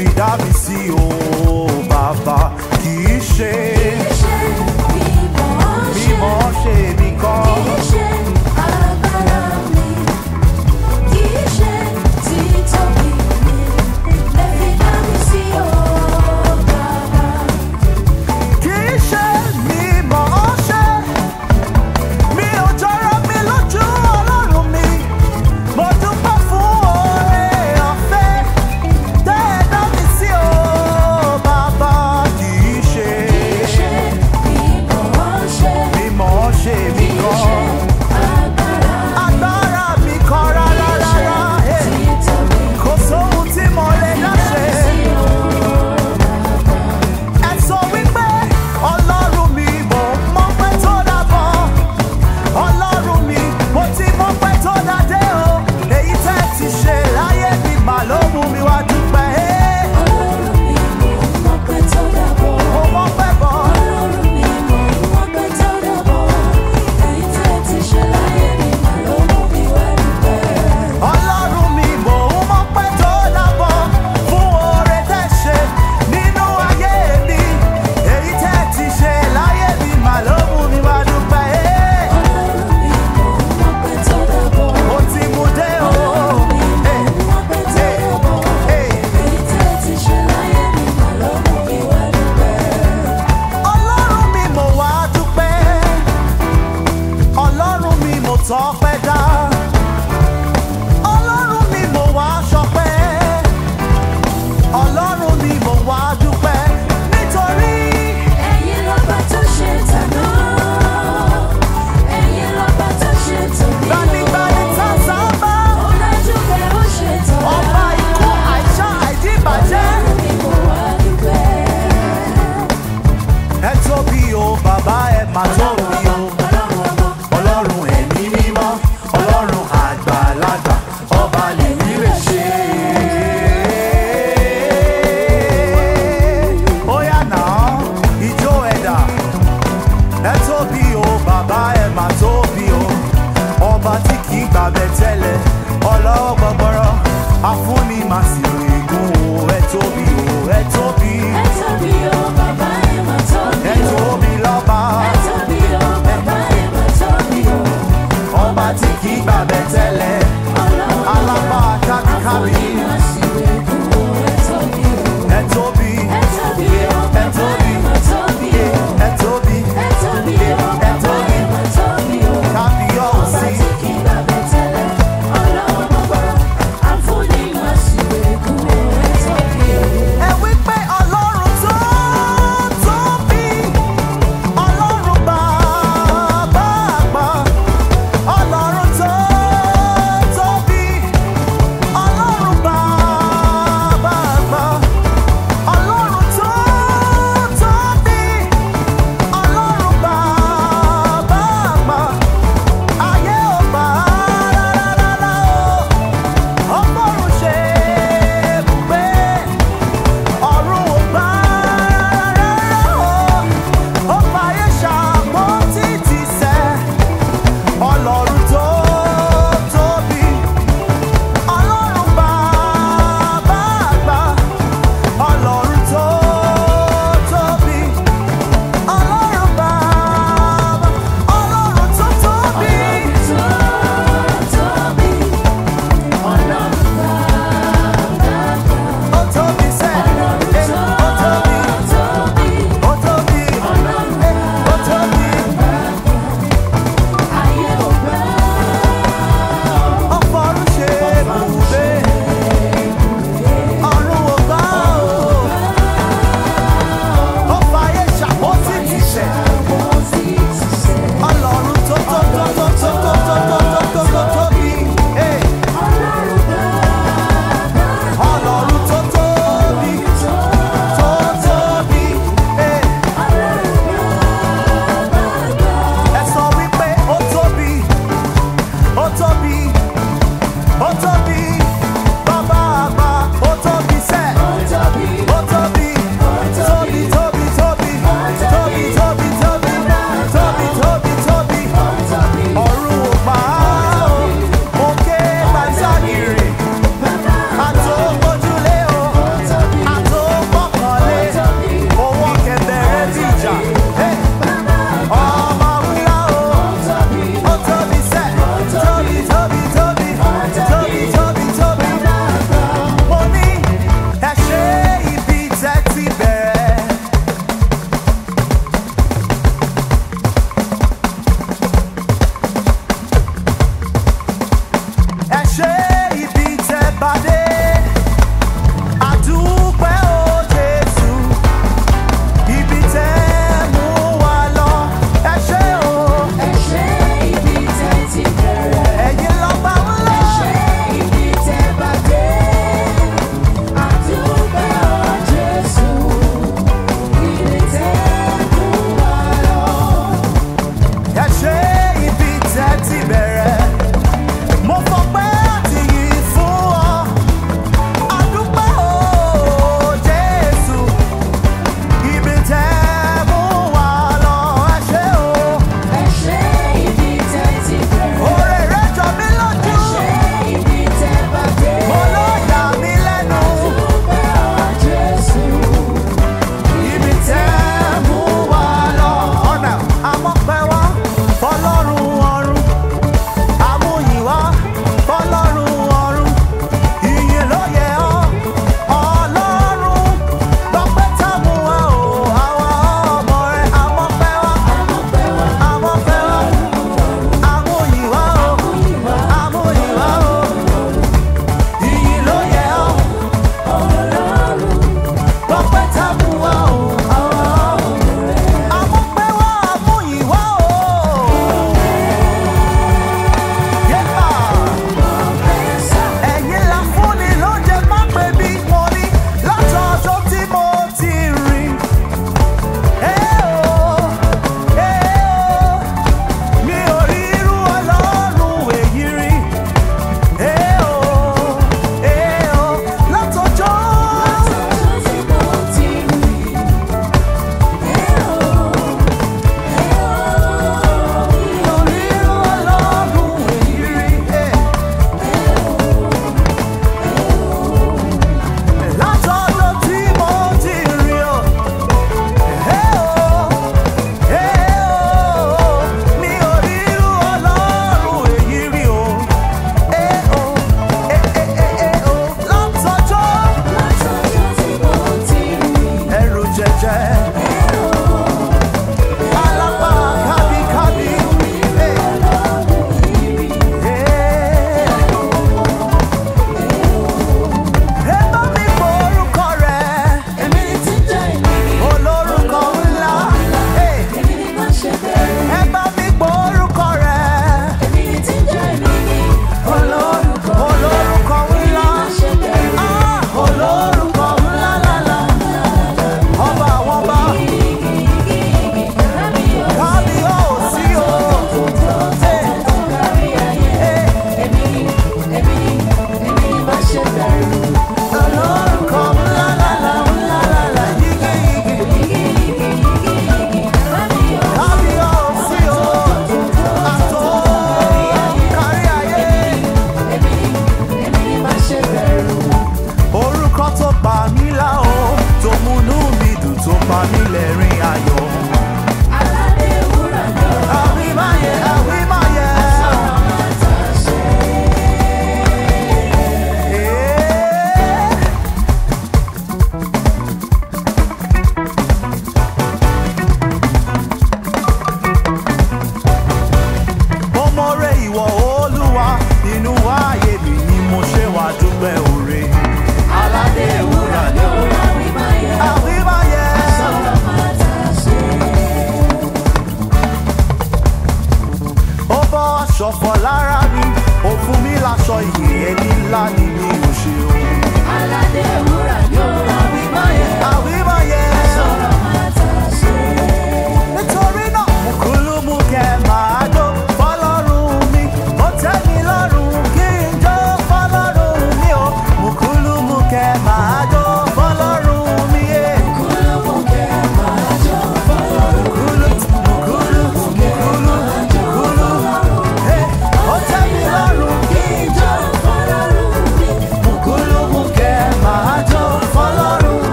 vida me tọ́pẹ́ dá. ọlọ́run mi mo wá ṣọpẹ́ ọlọ́run mi mo wá dúpẹ́ nítorí. ẹ̀yin lọ́ba tó ṣe tàná ẹ̀yin lọ́ba tó ṣe tòbí o. gbanigbani tata bá ọ̀làjú pé ó ṣe tán. ọba ikú àìṣá àìdíbàjẹ́. ọlọ́run mi mo wá dúpẹ́. ẹ tóbi o bàbá ẹ mà